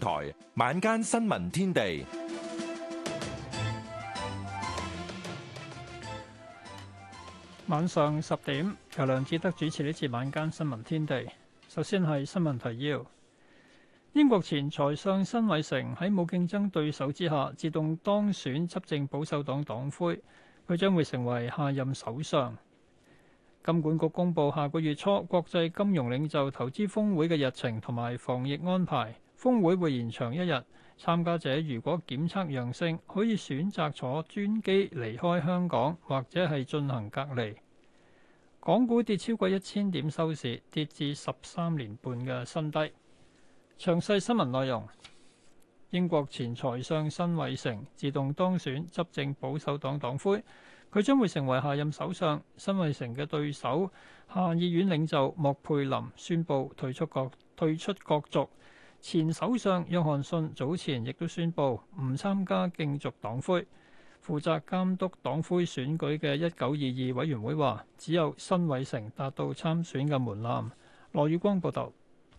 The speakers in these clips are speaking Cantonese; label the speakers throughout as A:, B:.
A: 台晚間新聞天地晚上十點由梁志德主持呢次晚間新聞天地。首先係新聞提要：英國前財相辛偉誠喺冇競爭對手之下自動當選執政保守黨黨魁，佢將會成為下任首相。金管局公布下個月初國際金融領袖投資峰會嘅日程同埋防疫安排。峰會會延長一日，參加者如果檢測陽性，可以選擇坐專機離開香港，或者係進行隔離。港股跌超過一千點收市，跌至十三年半嘅新低。詳細新聞內容：英國前財相辛偉成自動當選執政保守黨黨魁，佢將會成為下任首相。辛偉成嘅對手，下議院領袖莫佩林宣布退出國退出角逐。前首相約翰遜早前亦都宣布唔參加競逐黨魁。負責監督黨魁選舉嘅一九二二委員會話，只有辛偉誠達到參選嘅門檻，羅宇光報道。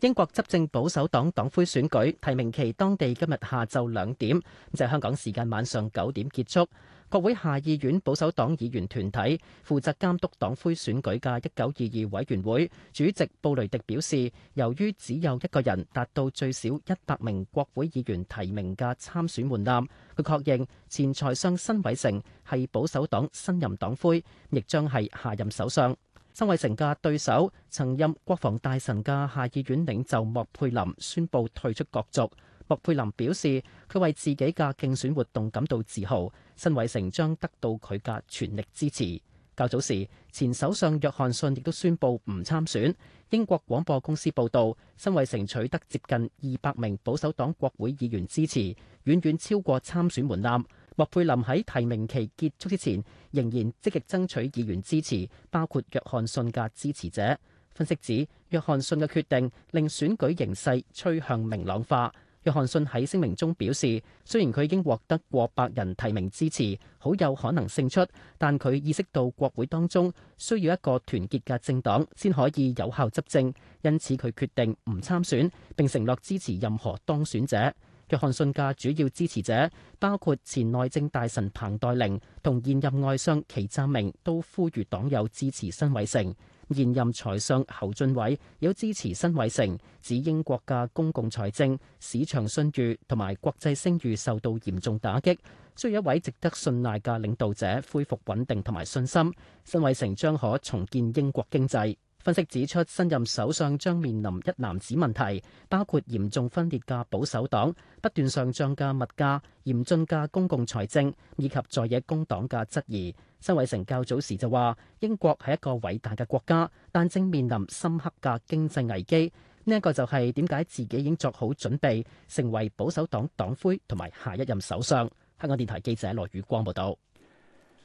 B: 英國執政保守黨黨魁選舉提名期當地今日下晝兩點，即係香港時間晚上九點結束。國會下議院保守黨議員團體負責監督黨魁選舉嘅一九二二委員會主席布雷迪表示，由於只有一個人達到最少一百名國會議員提名嘅參選門檻，佢確認前財相辛偉誠係保守黨新任黨魁，亦將係下任首相。辛偉誠嘅對手曾任國防大臣嘅下議院領袖莫佩林宣布退出角逐。莫佩林表示，佢為自己嘅競選活動感到自豪。新辛偉誠將得到佢嘅全力支持。較早時，前首相約翰遜亦都宣布唔參選。英國廣播公司報導，新辛偉誠取得接近二百名保守黨國會議員支持，遠遠超過參選門檻。莫佩林喺提名期結束之前，仍然積極爭取議員支持，包括約翰遜嘅支持者。分析指，約翰遜嘅決定令選舉形勢趨向明朗化。約翰遜喺聲明中表示，雖然佢已經獲得過百人提名支持，好有可能勝出，但佢意識到國會當中需要一個團結嘅政黨先可以有效執政，因此佢決定唔參選，並承諾支持任何當選者。約翰遜嘅主要支持者包括前內政大臣彭黛玲同現任外相祁扎明，都呼籲黨友支持辛偉誠。現任財相侯俊偉有支持辛偉誠，指英國嘅公共財政、市場信譽同埋國際聲譽受到嚴重打擊，需要一位值得信賴嘅領導者恢復穩定同埋信心。辛偉誠將可重建英國經濟。分析指出，新任首相將面臨一男子問題，包括嚴重分裂嘅保守黨、不斷上漲嘅物價、嚴峻嘅公共財政以及在野工黨嘅質疑。周偉成較早時就話英國係一個偉大嘅國家，但正面臨深刻嘅經濟危機，呢一個就係點解自己已經作好準備成為保守黨黨魁同埋下一任首相。香港電台記者羅宇光報道。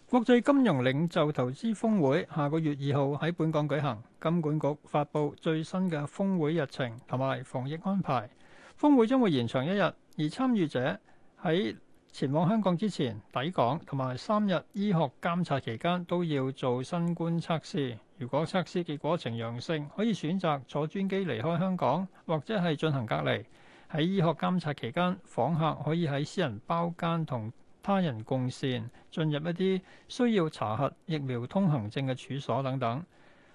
A: 國際金融領袖投資峰會下個月二號喺本港舉行，金管局發布最新嘅峰會日程同埋防疫安排。峰會將會延長一日，而參與者喺前往香港之前抵港同埋三日醫學監察期間都要做新冠測試。如果測試結果呈陽性，可以選擇坐專機離開香港，或者係進行隔離。喺醫學監察期間，訪客可以喺私人包間同。他人共線進入一啲需要查核疫苗通行證嘅處所等等。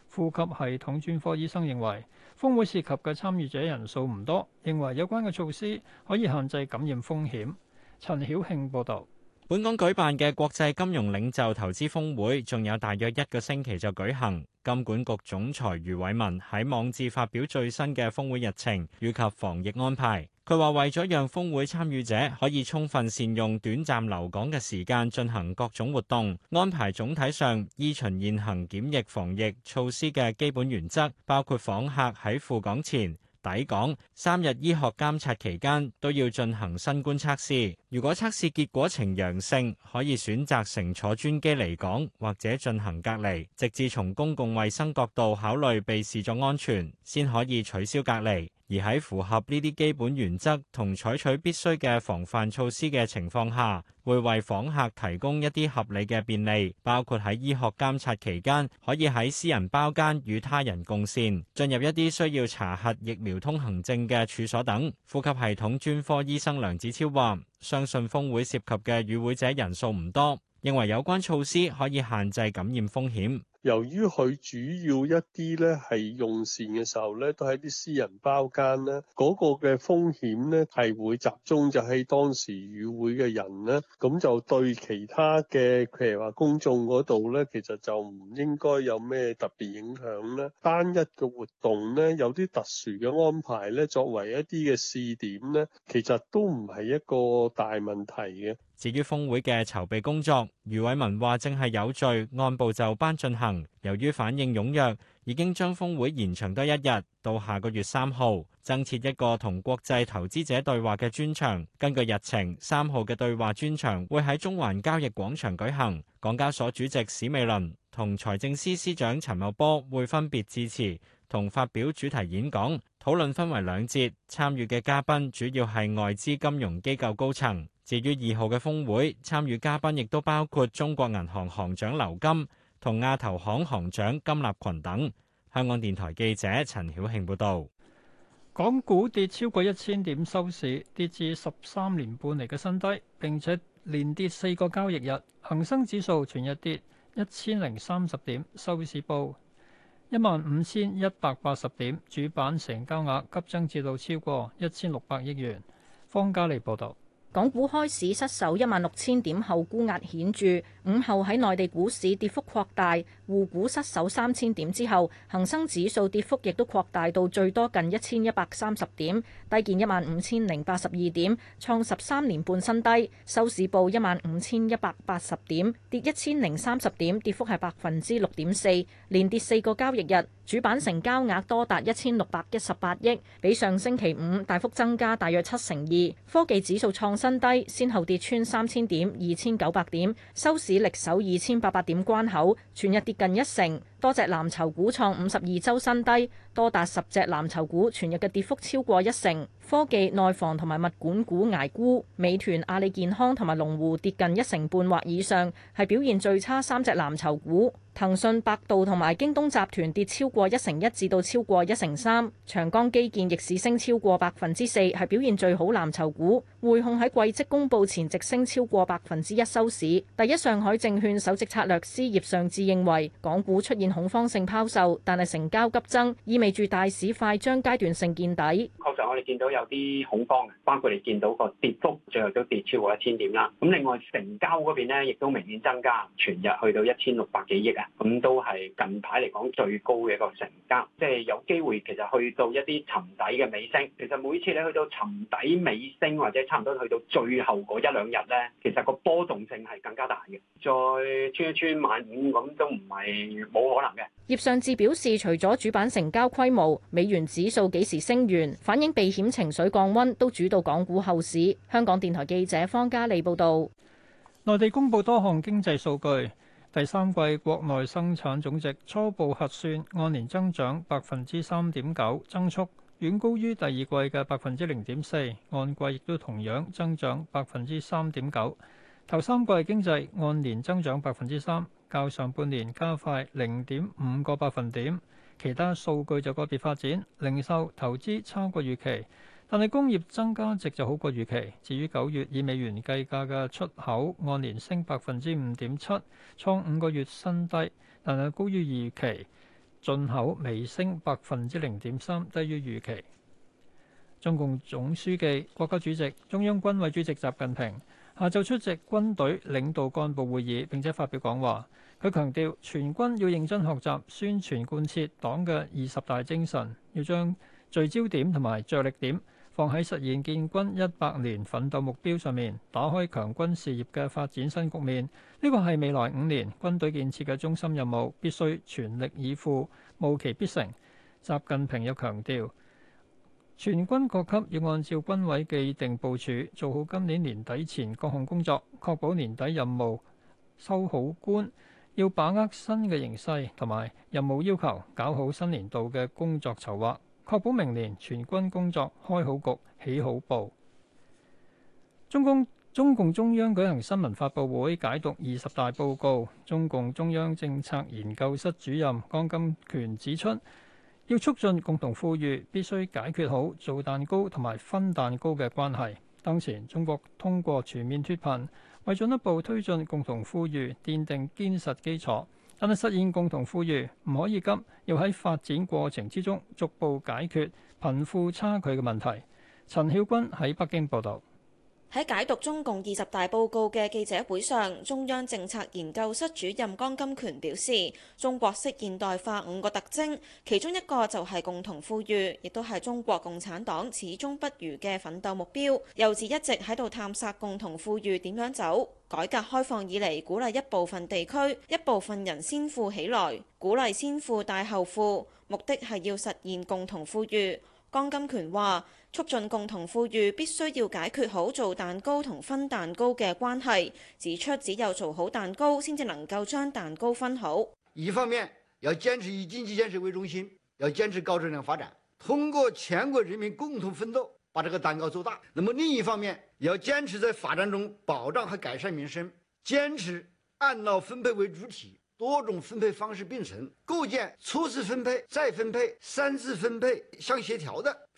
A: 呼吸系統專科醫生認為，峯會涉及嘅參與者人數唔多，認為有關嘅措施可以限制感染風險。陳曉慶報道。本港舉辦嘅國際
C: 金融領袖投資峯會仲有大約一個星期就舉行。金管局總裁余偉文喺網誌發表最新嘅峯會日程以及防疫安排。佢話為咗讓峯會參與者可以充分善用短暫留港嘅時間進行各種活動，安排總體上依循現行檢疫防疫措施嘅基本原則，包括訪客喺赴港前，抵港三日醫學監察期間都要進行新冠測試，如果測試結果呈陽性，可以選擇乘坐專機離港或者進行隔離，直至從公共衛生角度考慮被視作安全，先可以取消隔離。而喺符合呢啲基本原則同採取必須嘅防範措施嘅情況下，會為訪客提供一啲合理嘅便利，包括喺醫學監察期間可以喺私人包間與他人共膳，進入一啲需要查核疫苗通行證嘅處所等。呼吸系統專科醫生梁子超話相信峰會涉及嘅與會者人數唔多，認為有關措施可以限制感染風險。
A: 由於佢主要一啲咧係用膳嘅時候咧，都喺啲私人包間咧，嗰個嘅風險咧係會集中就喺當時與會嘅人咧，咁就對其他嘅譬如話公眾嗰度咧，其實就唔應該有咩特別影響咧。單一嘅活動咧，有啲特殊嘅安排咧，作為一啲嘅試點咧，其實都唔係一個大問題嘅。
C: 至於峰會嘅籌備工作，余偉文話，正係有序按部就班進行。由於反應踴躍，已經將峰會延長多一日，到下個月三號，增設一個同國際投資者對話嘅專場。根據日程，三號嘅對話專場會喺中環交易廣場舉行。港交所主席史美倫同財政司司長陳茂波會分別致辭同發表主題演講。討論分為兩節，參與嘅嘉賓主要係外資金融機構高層。至於二號嘅峰會參與嘉賓亦都包括中國銀行行長劉金同亞投行行長金立群等。香
A: 港電台記者陳曉慶報道：港股跌超過一千點收市，跌至十三年半嚟嘅新低，並且連跌四個交易日。恒生指數全日跌一千零三十點收市報一萬五千一百八十點，主板成交額急增至到超過一千六百億元。方嘉利報道。
D: 港股開市失守一萬六千點後，沽壓顯著。午後喺內地股市跌幅擴大，滬股失守三千點之後，恒生指數跌幅亦都擴大到最多近一千一百三十點，低見一萬五千零八十二點，創十三年半新低。收市報一萬五千一百八十點，跌一千零三十點，跌幅係百分之六點四，連跌四個交易日。主板成交額多達一千六百一十八億，比上星期五大幅增加大約七成二。科技指數創新低，先後跌穿三千點、二千九百點，收市力守二千八百點關口，全日跌近一成。多隻藍籌股創五十二週新低，多達十隻藍籌股全日嘅跌幅超過一成。科技、內房同埋物管股捱沽，美團、阿里健康同埋龍湖跌近一成半或以上，係表現最差三隻藍籌股。騰訊、百度同埋京東集團跌超過一成一至到超過一成三。長江基建逆市升超過百分之四，係表現最好藍籌股。匯控喺季績公布前直升超過百分之一收市。第一上海證券首席策略師葉尚志認為，港股出現恐慌性拋售，但係成交急增，意味住大市快將階段性見底。
E: 確實，我哋見到有啲恐慌，包括你見到個跌幅，最後都跌超過一千點啦。咁另外成交嗰邊咧，亦都明顯增加，全日去到一千六百幾億啊。咁都係近排嚟講最高嘅一個成交，即係有機會其實去到一啲尋底嘅尾聲。其實每次你去到尋底尾聲，或者差唔多去到最後嗰一兩日咧，其實個波動性係更加大嘅。再穿一穿萬五咁都唔係冇可
D: 葉尚志表示，除咗主板成交規模、美元指數幾時升完，反映避險情緒降温，都主導港股後市。香港電台記者方嘉利報道。
A: 內地公布多項經濟數據，第三季國內生產總值初步核算按年增長百分之三點九，增速遠高於第二季嘅百分之零點四，按季亦都同樣增長百分之三點九。頭三季經濟按年增長百分之三，較上半年加快零點五個百分點。其他數據就個別發展，零售投資超過預期，但係工業增加值就好過預期。至於九月以美元計價嘅出口按年升百分之五點七，創五個月新低，但係高於預期。進口微升百分之零點三，低於預期。中共總書記、國家主席、中央軍委主席習近平，下晝出席軍隊領導幹部會議，並且發表講話。佢強調，全軍要認真學習宣傳貫徹黨嘅二十大精神，要將聚焦點同埋着力點放喺實現建軍一百年奮鬥目標上面，打開強軍事業嘅發展新局面。呢個係未來五年軍隊建設嘅中心任務，必須全力以赴，務期必成。習近平又強調。全軍各級要按照軍委既定部署，做好今年年底前各項工作，確保年底任務收好官。要把握新嘅形勢同埋任務要求，搞好新年度嘅工作籌劃，確保明年全軍工作開好局、起好步。中共中共中央舉行新聞發佈會，解讀二十大報告。中共中央政策研究室主任江金權指出：要促進共同富裕，必須解決好做蛋糕同埋分蛋糕嘅關係。當前中國通過全面脫貧，為進一步推進共同富裕奠定堅實基礎。但係實現共同富裕唔可以急，要喺發展過程之中逐步解決貧富差距嘅問題。陳曉君喺北京報道。
F: 喺解讀中共二十大報告嘅記者會上，中央政策研究室主任江金權表示：中國式現代化五個特徵，其中一個就係共同富裕，亦都係中國共產黨始終不渝嘅奮鬥目標。又自一直喺度探索共同富裕點樣走。改革開放以嚟，鼓勵一部分地區、一部分人先富起來，鼓勵先富帶後富，目的係要實現共同富裕。江金權話。促進共同富裕必須要解決好做蛋糕同分蛋糕嘅關係，指出只有做好蛋糕，
C: 先至能夠將蛋糕分好。一方面要堅持以經濟建設為中心，要堅持高質量發展，通過全國人民共同奮鬥把這個蛋糕做大。那麼另一方面，要堅持在發展中保障和改善民生，堅持按勞分配為主體，多種分配方式並存，構建初次分配、再分配、三次分配相協調的。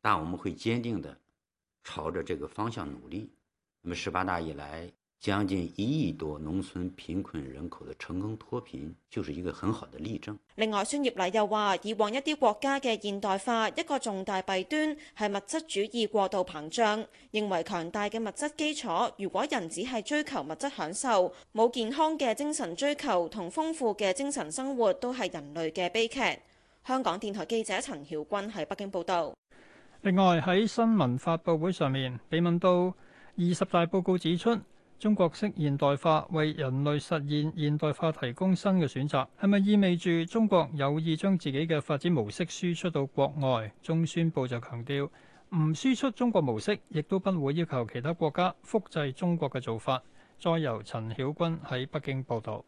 G: 但我們會堅定地朝着這個方向努力。那麼十八大以來，將近一億多農村貧困人口的成功脫貧，就是一個很好的例證。
F: 另外，孫業禮又話，以往一啲國家嘅現代化一個重大弊端係物質主義過度膨脹，認為強大嘅物質基礎，如果人只係追求物質享受，冇健康嘅精神追求同豐富嘅精神生活，都係人類嘅悲劇。香港電台記者陳曉君喺北京報道。
A: 另外喺新聞發佈會上面被問到，二十大報告指出中國式現代化為人類實現現代化提供新嘅選擇，係咪意味住中國有意將自己嘅發展模式輸出到國外？中宣部就強調唔輸出中國模式，亦都不會要求其他國家複製中國嘅做法。再由陳曉君喺北京報道。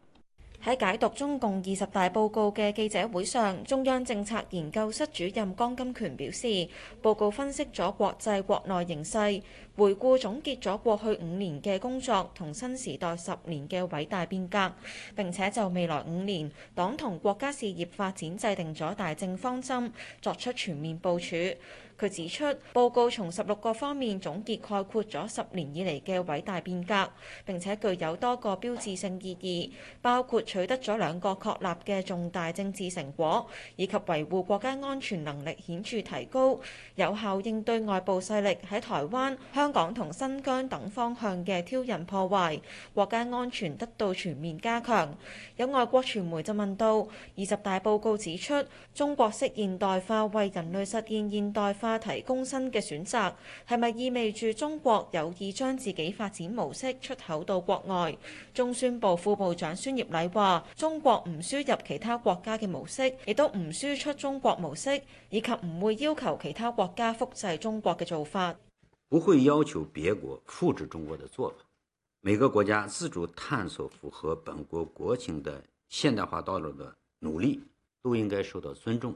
F: 喺解讀中共二十大報告嘅記者會上，中央政策研究室主任江金權表示，報告分析咗國際國內形勢，回顧總結咗過去五年嘅工作同新時代十年嘅偉大變革，並且就未來五年黨同國家事業發展制定咗大政方針，作出全面部署。佢指出，報告從十六個方面總結概括咗十年以嚟嘅偉大變革，並且具有多個標誌性意義，包括取得咗兩個確立嘅重大政治成果，以及維護國家安全能力顯著提高，有效應對外部勢力喺台灣、香港同新疆等方向嘅挑釁破壞，國家安全得到全面加強。有外國傳媒就問到，二十大報告指出，中國式現代化為人類實現現代化提供新嘅選擇，係咪意味住中國有意將自己發展模式出口到國外？中宣部副部長孫業禮話，中國唔輸入其他國家嘅模式，亦都唔輸出中國模式，以及唔會要求其他國家複製中國嘅做法。
G: 不會要求別國複製中國嘅做法。每個國家自主探索符合本國國情的現代化道路的努力，都應該受到尊重。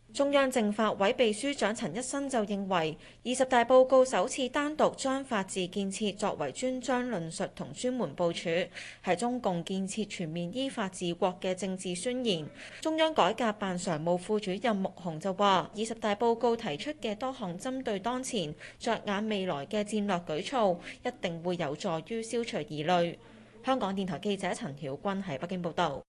F: 中央政法委秘書長陳一新就認為，二十大報告首次單獨將法治建設作為專章論述同專門部署，係中共建設全面依法治國嘅政治宣言。中央改革辦常務副主任穆虹就話，二十大報告提出嘅多項針對當前、着眼未來嘅戰略舉措，一定會有助於消除疑慮。香港電台記者陳曉君喺北京報道。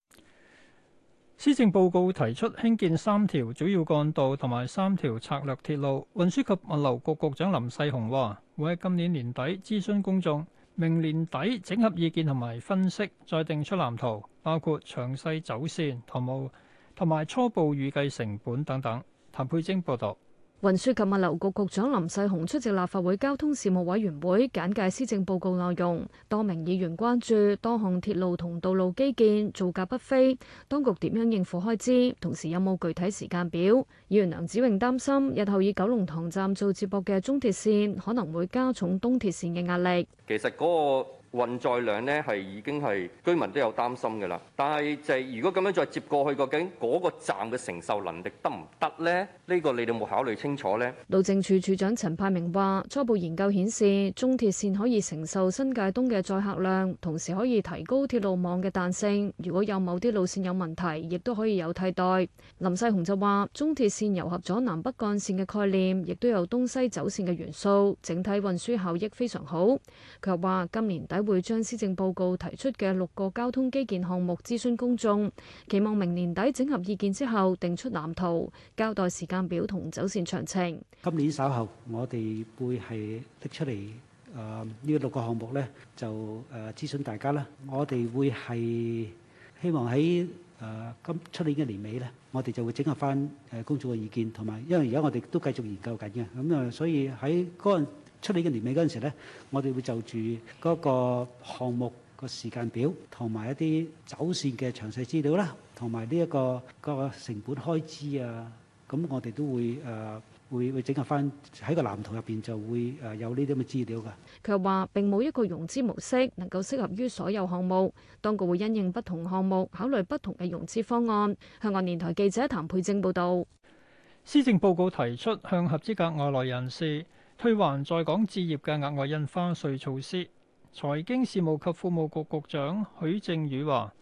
A: 施政報告提出興建三條主要幹道同埋三條策略鐵路。運輸及物流局局長林世雄話：會喺今年年底諮詢公眾，明年底整合意見同埋分析，再定出藍圖，包括詳細走線、途務同埋初步預計成本等等。譚佩晶報導。
H: 運輸及物流局局長林世雄出席立法會交通事務委員會，簡介施政報告內容。多名議員關注多項鐵路同道路基建造價不菲，當局點樣應付開支，同時有冇具體時間表？議員梁子穎擔心日後以九龍塘站做接駁嘅中鐵線可能會加重東鐵線嘅壓力。
I: 其實嗰個運載量呢係已經係居民都有擔心㗎啦，但係就係如果咁樣再接過去，究竟嗰個站嘅承受能力得唔得呢？呢個你哋冇考慮清楚呢？
H: 路政署署長陳派明話：初步研究顯示，中鐵線可以承受新界東嘅載客量，同時可以提高鐵路網嘅彈性。如果有某啲路線有問題，亦都可以有替代。林世雄就話：中鐵線糅合咗南北幹線嘅概念，亦都有東西走線嘅元素，整體運輸效益非常好。佢又話：今年底。會將施政報告提出嘅六個交通基建項目諮詢公眾，期望明年底整合意見之後訂出藍圖，交代時間表同
G: 走線詳情。今年稍後，我哋會係拎出嚟，誒呢六個項目咧就誒諮詢大家啦。我哋會係希望喺誒今出年嘅年尾咧，我哋就會整合翻誒公眾嘅意見同埋，因為而家我哋都繼續研究緊嘅，咁啊所以喺嗰。出嚟嘅年尾嗰陣時咧，我哋會就住嗰個項目個時間表同埋一啲走線嘅詳細資料啦，同埋呢一個嗰個成本開支啊，咁我哋都會誒會會整合翻喺個藍圖入邊就會誒有呢啲咁嘅資料噶。
H: 佢又話：並冇一個融資模式能夠適合於所有項目，當局會因應不同項目考慮不同嘅融資方案。香港電台記者譚佩正報道。
A: 施政報告提出向合資格外來人士，退還在港置業嘅額外印花稅措施，財經事務及庫務局局長許正宇話：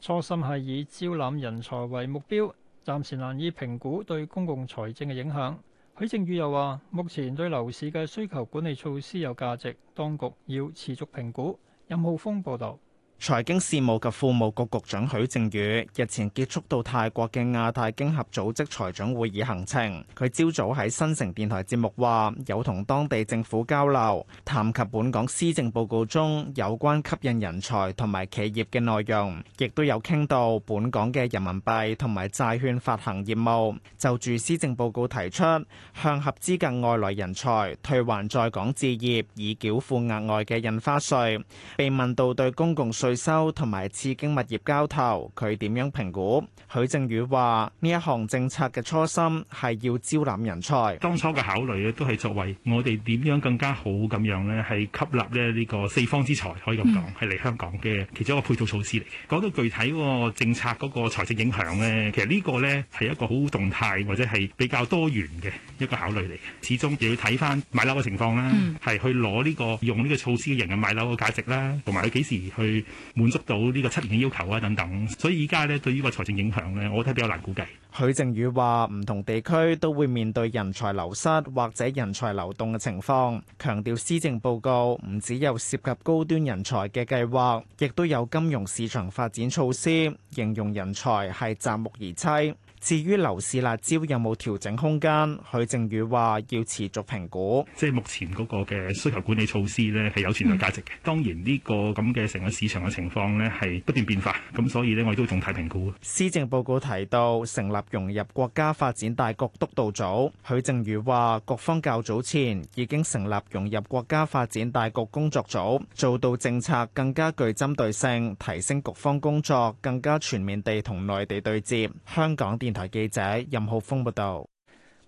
A: 初心係以招攬人才為目標，暫時難以評估對公共財政嘅影響。許正宇又話：目前對樓市嘅需求管理措施有價值，當局要持續評估。任浩峰報導。
J: 財經事務及庫務局局長許正宇日前結束到泰國嘅亞太經合組織財長會議行程，佢朝早喺新城電台節目話，有同當地政府交流，談及本港施政報告中有關吸引人才同埋企業嘅內容，亦都有傾到本港嘅人民幣同埋債券發行業務。就住施政報告提出向合資格外來人才退還在港置業以繳付額外嘅印花稅，被問到對公共。稅收同埋刺激物業交投，佢點樣評估？許正宇話：呢一項政策嘅初心係要招攬人才。當初嘅考慮咧，都係作為我哋點樣更加好咁樣咧，係吸納咧呢個四方之才，可以咁講，係嚟香港嘅其中一個配套措施嚟嘅。講到具體嗰個政策嗰個財政影響咧，其實呢個咧係一個好動態或者係比較多元嘅一個考慮嚟。始終要睇翻買樓嘅情況啦，係去攞呢個用呢個措施嘅人嘅買樓嘅價值啦，同埋佢幾時去。滿足到呢個七年嘅要求啊等等，所以而家咧對呢個財政影響咧，我睇比較難估計。許正宇話：唔同地區都會面對人才流失或者人才流動嘅情況，強調施政報告唔只有涉及高端人才嘅計劃，亦都有金融市場發展措施，形容人才係擇木而棲。至於樓市辣招有冇調整空間？許正宇話要持續評估，即係目前嗰個嘅需求管理措施呢係有潛在價值嘅。當然呢個咁嘅成個市場嘅情況呢係不斷變化，咁所以呢我哋都會重睇評估。施政報告提到成立融入國家發展大局督導組，許正宇話各方較早前已經成立融入國家發展大局工作組，做到政策更加具針對性，提升局方工作更加全面地同內地對接。香港電台記者任浩峰報道，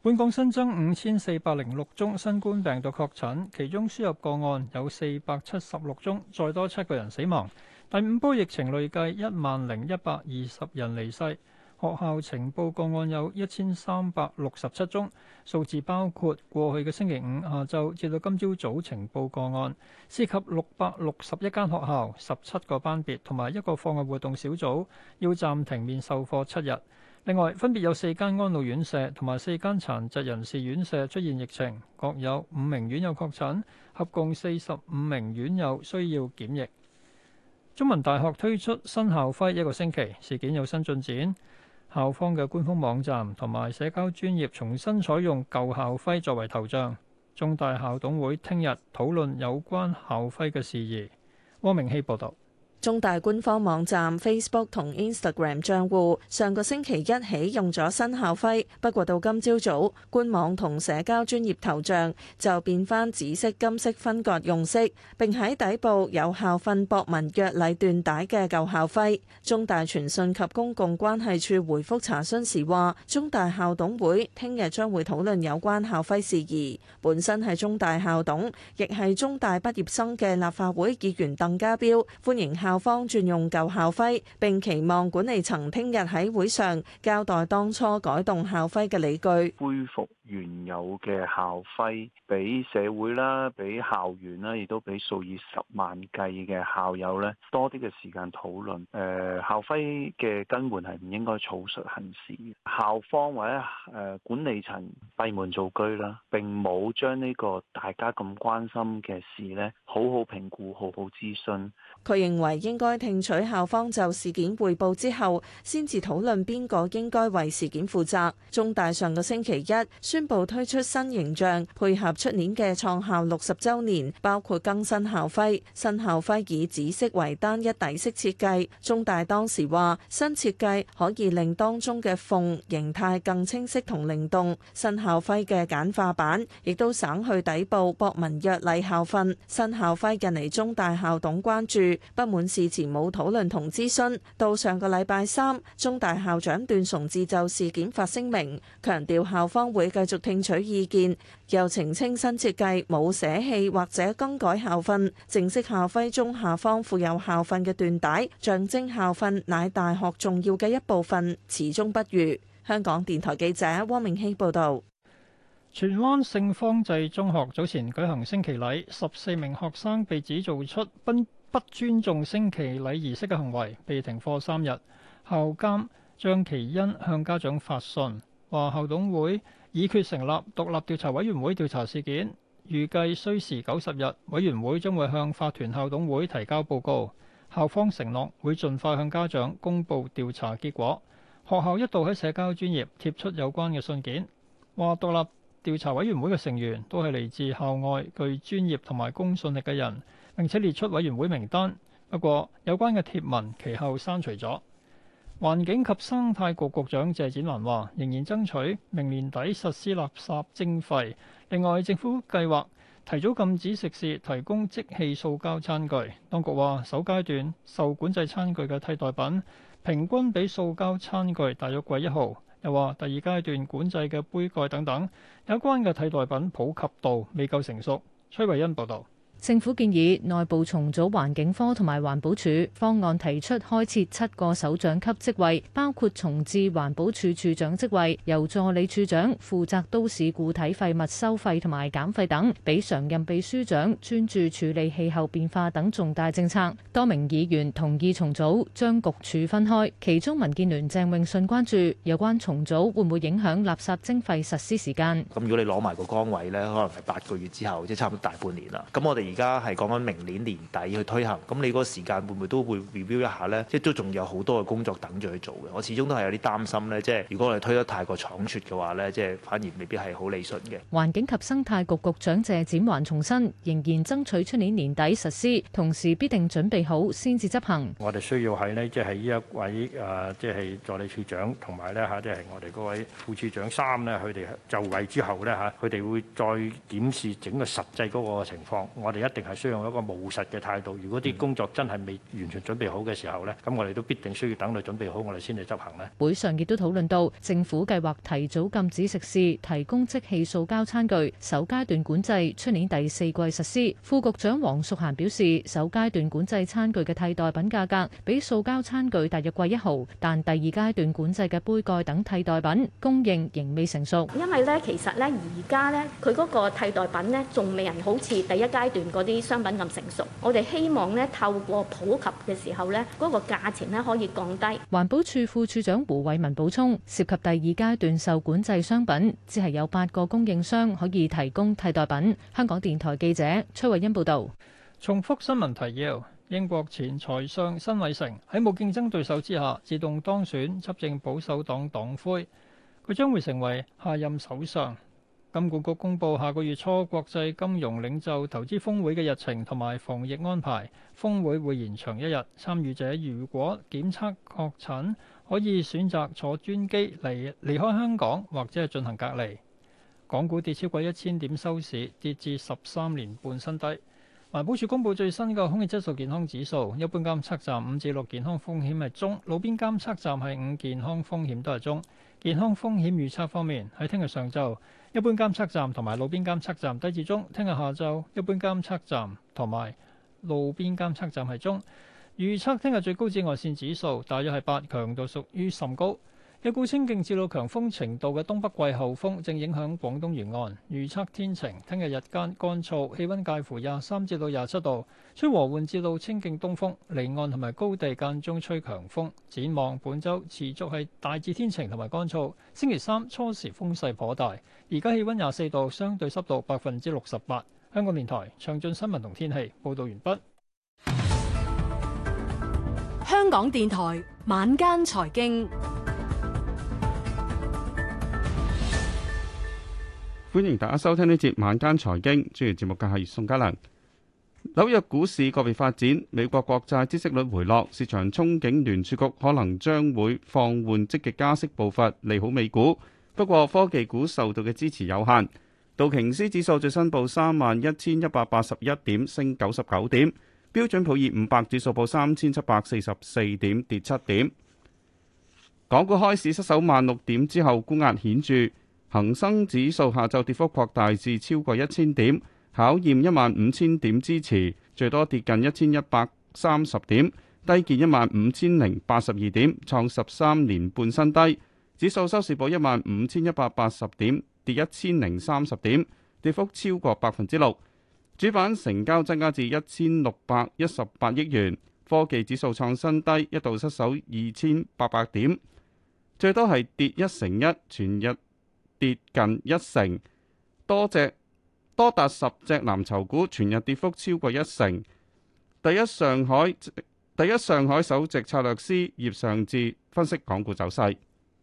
A: 本港新增五千四百零六宗新冠病毒確診，其中輸入個案有四百七十六宗，再多七個人死亡。第五波疫情累計一萬零一百二十人離世。學校情報個案有一千三百六十七宗，數字包括過去嘅星期五下晝至到今朝早，早情報個案，涉及六百六十一間學校、十七個班別同埋一個課外活動小組，要暫停面授課七日。另外，分別有四間安老院舍同埋四間殘疾人士院舍出現疫情，各有五名院友確診，合共四十五名院友需要檢疫。中文大學推出新校徽一個星期，事件有新進展，校方嘅官方網站同埋社交專頁重新採用舊校徽作為頭像。中大校董會聽日討論有關校徽嘅事宜。汪明希報導。
K: 中大官方網站 Facebook 同 Instagram 賬戶上個星期一起用咗新校徽，不過到今朝早，早，官網同社交專業頭像就變返紫色、金色分割用色，並喺底部有校訓博文約禮緞帶嘅舊校徽。中大傳訊及公共關係處回覆查詢時話：中大校董會聽日將會討論有關校徽事宜。本身係中大校董，亦係中大畢業生嘅立法會議員鄧家彪，歡迎校。校方轉用舊校徽，並期望管理層聽日喺會上交代當初改動校徽嘅理據，
E: 恢復原有嘅校徽，俾社會啦，俾校園啦，亦都俾數以十萬計嘅校友咧，多啲嘅時間討論。誒，校徽嘅根本係唔應該草率行事。校方或者誒管理層閉門造車啦，並冇將呢個大家咁關心嘅事咧，好好評估，好好諮詢，
K: 佢認為應該聽取校方就事件匯報之後，先至討論邊個應該為事件負責。中大上個星期一，宣布推出新形象，配合出年嘅創校六十週年，包括更新校徽。新校徽以紫色為單一底色設計。中大當時話，新設計可以令當中嘅鳳形態更清晰同靈動。新校徽嘅簡化版，亦都省去底部博文約禮校訓。新校徽引嚟中大校董關注，不滿事前冇討論同諮詢。到上個禮拜三，中大校長段崇智就事件發聲明，強調校方會繼續。繼續聽取意見，又澄清新設計冇捨棄或者更改校訓。正式校徽中下方附有校訓嘅緞帶，象徵校訓乃大學重要嘅一部分，始終不渝。香港電台記者汪明希報道，
A: 荃灣聖芳濟中學早前舉行升旗禮，十四名學生被指做出不不尊重升旗禮儀式嘅行為，被停課三日。校監張其欣向家長發信，話校董會。已決成立獨立調查委員會調查事件，預計需時九十日。委員會將會向法團校董會提交報告，校方承諾會盡快向家長公布調查結果。學校一度喺社交專頁貼出有關嘅信件，話獨立調查委員會嘅成員都係嚟自校外具專業同埋公信力嘅人，並且列出委員會名單。不過有關嘅貼文其後刪除咗。環境及生態局局長謝展寰話：仍然爭取明年底實施垃圾徵費。另外，政府計劃提早禁止食肆提供即棄塑膠餐具。當局話，首階段受管制餐具嘅替代品平均比塑膠餐具大約貴一毫。又話第二階段管制嘅杯蓋等等有關嘅替代品普及度未夠成熟。崔慧欣報道。
L: 政府建議內部重組環境科同埋環保署，方案提出開設七個首長級職位，包括重置環保署署長職位，由助理署長負責都市固體廢物收費同埋減費等，俾常任秘書長專注處理氣候變化等重大政策。多名議員同意重組，將局署分開。其中民建聯鄭永信關注有關重組會唔會影響垃圾徵費實施時間。
J: 咁如果你攞埋個崗位呢，可能係八個月之後，即差唔多大半年啦。咁我哋。而家係講緊明年年底去推行，咁你嗰個時間會唔會都會 review 一下咧？即係都仲有好多嘅工作等住去做嘅。我始終都係有啲擔心咧，即係如果我哋推得太過倉促嘅話咧，即係反而未必係好理順嘅。
L: 環境及生態局局長謝展寰重申，仍然爭取出年年底實施，同時必定準備好先至執行。
A: 我哋需要喺咧，即係呢一位誒即係助理處長同埋咧吓即係我哋嗰位副處長三咧，佢哋就位之後咧吓佢哋會再檢視整個實際嗰個情況。我就一定係需要用一個務實嘅態度。如果啲工作真係未完全準備好嘅時候咧，咁我哋都必定需要等佢準備好，我哋先嚟執行咧。
L: 會上亦都討論到政府計劃提早禁止食肆提供即棄塑膠餐具，首階段管制出年第四季實施。副局長黃淑嫻表示，首階段管制餐具嘅替代品價格比塑膠餐具大約貴一毫，但第二階段管制嘅杯蓋等替代品供應仍未成熟。因為
D: 咧，其實咧，而家咧，佢嗰個替代品咧，仲未人好似第一階段。嗰啲商品咁成熟，我哋希望咧透過普及嘅時候咧，嗰個價錢咧可以降低。
L: 環保署副處長胡偉文補充，涉及第二階段受管制商品，只係有八個供應商可以提供替代品。香港電台記者崔慧欣報道。
A: 重複新聞提要：英國前財相辛偉誠喺冇競爭對手之下自動當選執政保守黨黨魁，佢將會成為下任首相。金管局公布下個月初國際金融領袖投資峰會嘅日程同埋防疫安排，峰會會延長一日。參與者如果檢測確診，可以選擇坐專機嚟離開香港或者係進行隔離。港股跌超過一千點收市，跌至十三年半新低。環保署公布最新嘅空氣質素健康指數，一般監測站五至六健康風險係中，路邊監測站係五健康風險都係中。健康風險預測方面，喺聽日上晝，一般監測站同埋路邊監測站低至中；聽日下晝，一般監測站同埋路邊監測站係中。預測聽日最高紫外線指數大約係八，強度屬於甚高。一股清勁至到強風程度嘅東北季候風正影響廣東沿岸，預測天晴，聽日日間乾燥，氣温介乎廿三至到廿七度，吹和緩至到清勁東風，離岸同埋高地間中吹強風。展望本週持續係大致天晴同埋乾燥，星期三初時風勢頗大，而家氣温廿四度，相對濕度百分之六十八。香港電台詳盡新聞同天氣，報導完畢。
L: 香港電台晚間財經。
M: 歡迎大家收聽呢節晚間財經，主持節目嘅係宋嘉良。紐約股市個別發展，美國國債孳息率回落，市場憧憬聯儲局可能將會放緩積極加息步伐，利好美股。不過科技股受到嘅支持有限。道瓊斯指數最新報三萬一千一百八十一點，升九十九點。標準普爾五百指數報三千七百四十四點，跌七點。港股開市失守萬六點之後，沽壓顯著。恒生指數下晝跌幅擴大至超過一千點，考驗一萬五千點支持，最多跌近一千一百三十點，低見一萬五千零八十二點，創十三年半新低。指數收市報一萬五千一百八十點，跌一千零三十點，跌幅超過百分之六。主板成交增加至一千六百一十八億元。科技指數創新低，一度失守二千八百點，最多係跌一成一，全日。跌近一成，多隻，多達十隻藍籌股全日跌幅超過一成。第一上海第一上海首席策略師葉尚志分析港股走勢。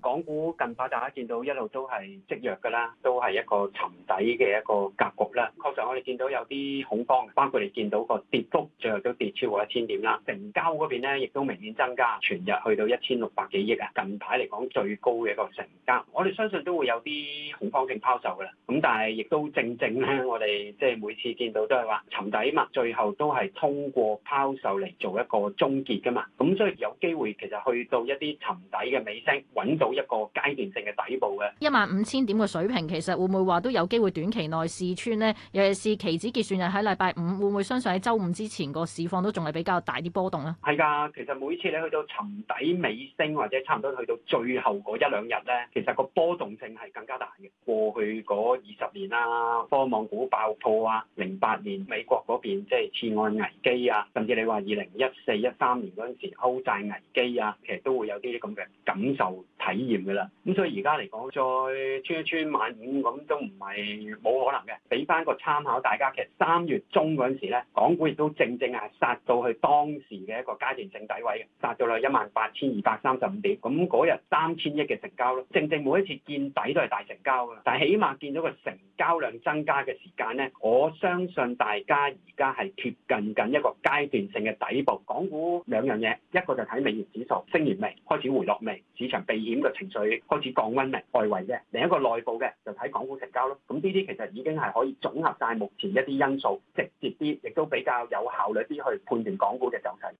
E: 港股近排大家見到一路都係積弱㗎啦，都係一個沉底嘅一個格局啦。確實我哋見到有啲恐慌，包括你見到個跌幅最後都跌超過一千點啦。成交嗰邊咧亦都明顯增加，全日去到一千六百幾億呀。近排嚟講最高嘅一個成交，我哋相信都會有啲恐慌性拋售㗎啦。咁但係亦都正正咧，我哋即係每次見到都係話沉底嘛，最後都係通過拋售嚟做一個終結㗎嘛。咁所以有機會其實去到一啲沉底嘅尾聲揾到。一個階段性嘅底部嘅
D: 一萬五千點嘅水平，其實會唔會話都有機會短期內試穿呢？尤其是期指結算日喺禮拜五，會唔會相信喺周五之前個市況都仲係比較大啲波動咧？
E: 係噶，其實每次你去到沉底尾聲或者差唔多去到最後嗰一兩日咧，其實個波動性係更加大嘅。過去嗰二十年啦，科網股爆破啊，零八年美國嗰邊即係次按危機啊，甚至你話二零一四一三年嗰陣時歐債危機啊，其實都會有啲啲咁嘅感受體嘅啦，咁、嗯、所以而家嚟講，再穿一穿萬五咁都唔係冇可能嘅。俾翻個參考，大家其實三月中嗰陣時咧，港股亦都正正係殺到去當時嘅一個階段性底位嘅，殺到啦一萬八千二百三十五點。咁嗰日三千億嘅成交咯，正正每一次見底都係大成交嘅。但係起碼見到個成交量增加嘅時間咧，我相信大家而家係貼近緊一個階段性嘅底部。港股兩樣嘢，一個就睇美元指數升完未，開始回落未，市場避險嘅情緒開始降溫，明外圍嘅，另一個內部嘅就睇港股成交咯。咁呢啲其實已經係可以總合晒目前一啲因素，直接啲亦都比較有效率啲去判斷港股嘅走勢。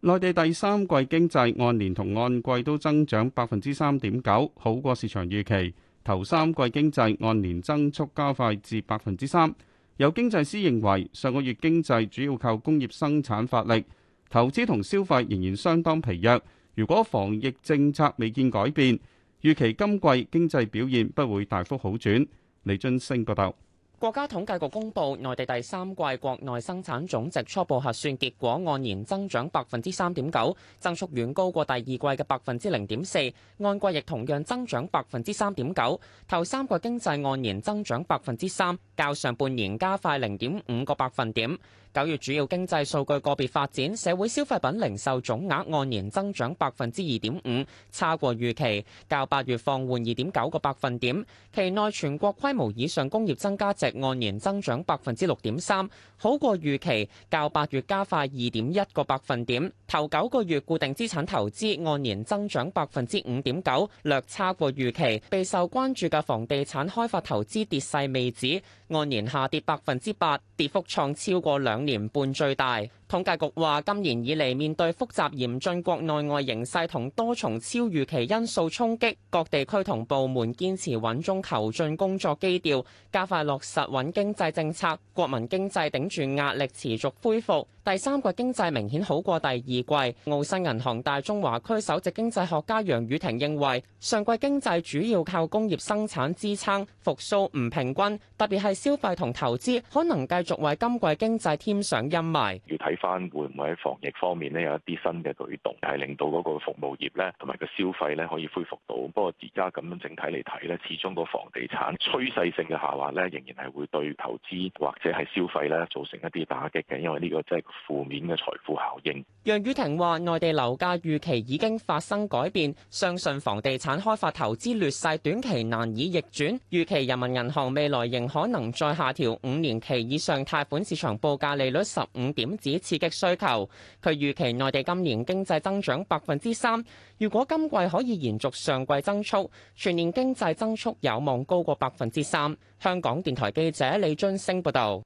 M: 內地第三季經濟按年同按季都增長百分之三點九，好過市場預期。頭三季經濟按年增速加快至百分之三。有經濟師認為，上個月經濟主要靠工業生產發力，投資同消費仍然相當疲弱。如果防疫政策未見改變，預期今季經濟表現不會大幅好轉，李俊升報道。
N: 國家統計局公布內地第三季國內生產總值初步核算結果，按年增長百分之三點九，增速遠高過第二季嘅百分之零點四，按季亦同樣增長百分之三點九。頭三季經濟按年增長百分之三，較上半年加快零點五個百分點。九月主要經濟數據個別發展，社會消費品零售總額按年增長百分之二點五，差過預期，較八月放緩二點九個百分點。期內全國規模以上工業增加值按年增長百分之六點三，好過預期，較八月加快二點一個百分點。頭九個月固定資產投資按年增長百分之五點九，略差過預期。備受關注嘅房地產開發投資跌勢未止，按年下跌百分之八，跌幅創超過兩年半最大。統計局話，今年以嚟面對複雜嚴峻國內外形勢同多重超預期因素衝擊，各地區同部門堅持穩中求進工作基調，加快落實穩經濟政策，國民經濟頂住壓力持續恢復。第三季經濟明顯好過第二季。澳新銀行大中華區首席經濟學家楊宇霆認為，上季經濟主要靠工業生產支撐，復甦唔平均，特別係消費同投資可能繼續為今季經濟添上陰霾。
I: 翻，會唔會喺防疫方面咧有一啲新嘅舉動，係令到嗰個服務業咧同埋個消費咧可以恢復到。不過而家咁樣整體嚟睇咧，始終個房地產趨勢性嘅下滑咧，仍然係會對投資或者係消費咧造成一啲打擊嘅，因為呢個即係負面嘅財富效應。
N: 楊雨婷話，內地樓價預期已經發生改變，相信房地產開發投資劣勢短期難以逆轉，預期人民銀行未來仍可能再下調五年期以上貸款市場報價利率十五點子，刺激需求。佢預期內地今年經濟增長百分之三，如果今季可以延續上季增速，全年經濟增速有望高過百分之三。香港電台記者李津星報導。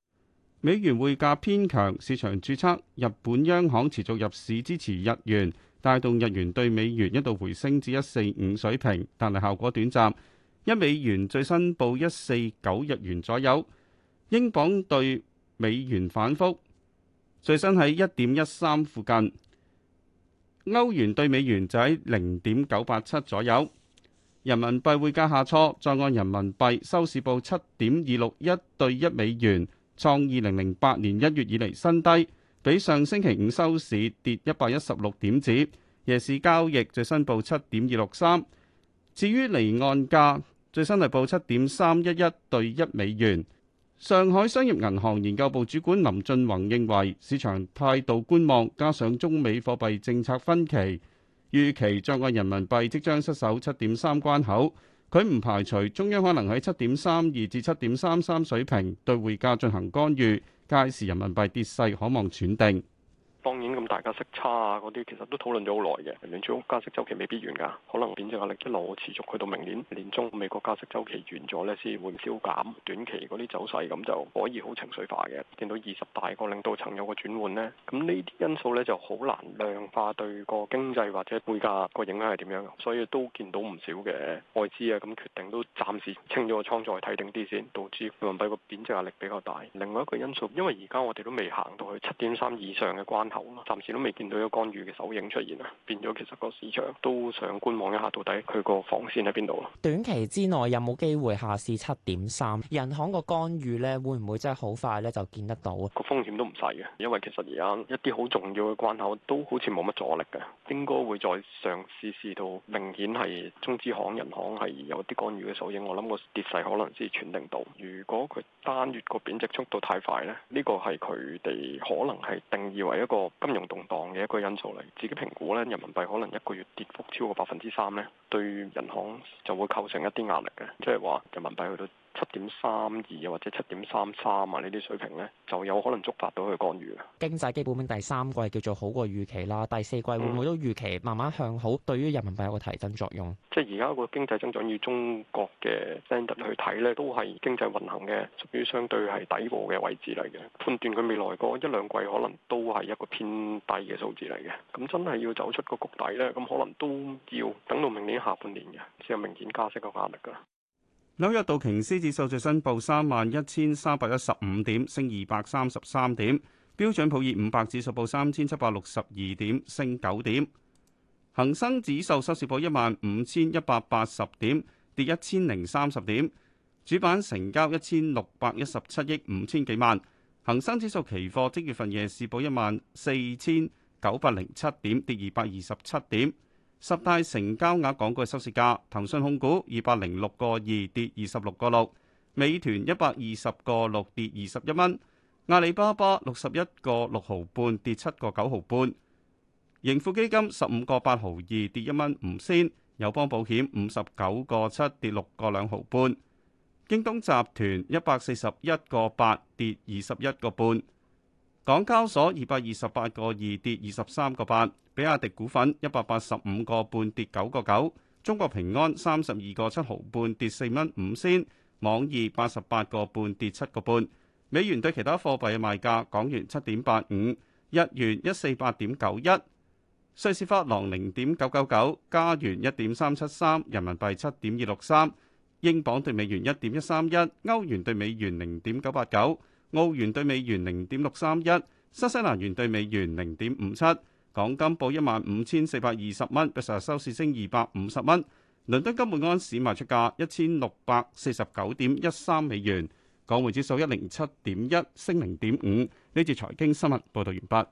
M: 美元匯價偏強，市場預測日本央行持續入市支持日元，帶動日元對美元一度回升至一四五水平，但係效果短暫。一美元最新報一四九日元左右。英鎊對美元反覆。最新喺一點一三附近，歐元對美元就喺零點九八七左右。人民幣匯價下挫，在岸人民幣收市報七點二六一對一美元，創二零零八年一月以嚟新低，比上星期五收市跌一百一十六點子。夜市交易最新報七點二六三，至於離岸價最新係報七點三一一對一美元。上海商業銀行研究部主管林俊宏認為市場態度觀望，加上中美貨幣政策分歧，預期在岸人民幣即將失守七點三關口。佢唔排除中央可能喺七點三二至七點三三水平對匯價進行干預，屆時人民幣跌勢可望喘定。
I: 當然咁大家息差啊嗰啲，其實都討論咗好耐嘅。年初加息週期未必完㗎，可能貶值壓力一路持續去到明年年中，美國加息週期完咗呢，先會消減。短期嗰啲走勢咁就可以好情緒化嘅。見到二十大個領導層有個轉換呢，咁呢啲因素呢就好難量化對個經濟或者匯價個影響係點樣。所以都見到唔少嘅外資啊，咁決定都暫時清咗個倉再睇定啲先，導致人民幣個貶值壓力比較大。另外一個因素，因為而家我哋都未行到去七點三以上嘅關。暫時都未見到有干預嘅手影出現啊，變咗其實個市場都想觀望一下，到底佢個防線喺邊度咯？
N: 短期之內有冇機會下試七點三？人行個干預呢，會唔會真係好快呢？就見得到啊？個
I: 風險都唔細嘅，因為其實而家一啲好重要嘅關口都好似冇乜阻力嘅，應該會再嘗試試到明顯係中資行、人行係有啲干預嘅手影。我諗個跌勢可能先傳定到，如果佢單月個貶值速度太快呢，呢個係佢哋可能係定義為一個。金融動盪嘅一個因素嚟，自己評估咧，人民幣可能一個月跌幅超過百分之三咧，對銀行就會構成一啲壓力嘅，即係話人民幣去到。七點三二又或者七點三三啊，呢啲水平呢就有可能觸發到佢干
N: 預嘅。經濟基本面第三季叫做好過預期啦，第四季會唔會都預期慢慢向好，對於人民幣有個提振作用。
I: 嗯，即係而家個經濟增長與中國嘅 standard 去睇呢，都係經濟運行嘅屬於相對係底部嘅位置嚟嘅。判斷佢未來個一兩季可能都係一個偏低嘅數字嚟嘅。咁真係要走出個谷底呢，咁可能都要等到明年下半年嘅先有明顯加息嘅壓力㗎。紐約道
M: 瓊斯指數最新報三萬一千三百一十五點，升二百三十三點；標準普爾五百指數報三千七百六十二點，升九點；恒生指數收市報一萬五千一百八十點，跌一千零三十點。主板成交一千六百一十七億五千幾萬。恒生指數期貨即月份夜市報一萬四千九百零七點，跌二百二十七點。十大成交額港股嘅收市價：騰訊控股二百零六個二跌二十六個六，美團一百二十個六跌二十一蚊，阿里巴巴六十一個六毫半跌七個九毫半，盈富基金十五個八毫二跌一蚊五仙，友邦保險五十九個七跌六個兩毫半，京東集團一百四十一個八跌二十一個半。港交所二百二十八個二跌二十三個八，比亞迪股份一百八十五個半跌九個九，中國平安三十二個七毫半跌四蚊五仙，網易八十八個半跌七個半，美元對其他貨幣嘅賣價：港元七點八五，日元一四八點九一，瑞士法郎零點九九九，加元一點三七三，人民幣七點二六三，英鎊對美元一點一三一，歐元對美元零點九八九。澳元兌美元零點六三一，新西蘭元兌美元零點五七，港金報一萬五千四百二十蚊，比上日收市升二百五十蚊。倫敦金每安士賣出價一千六百四十九點一三美元，港匯指數一零七點一，升零點五。呢次財經新聞報道完畢。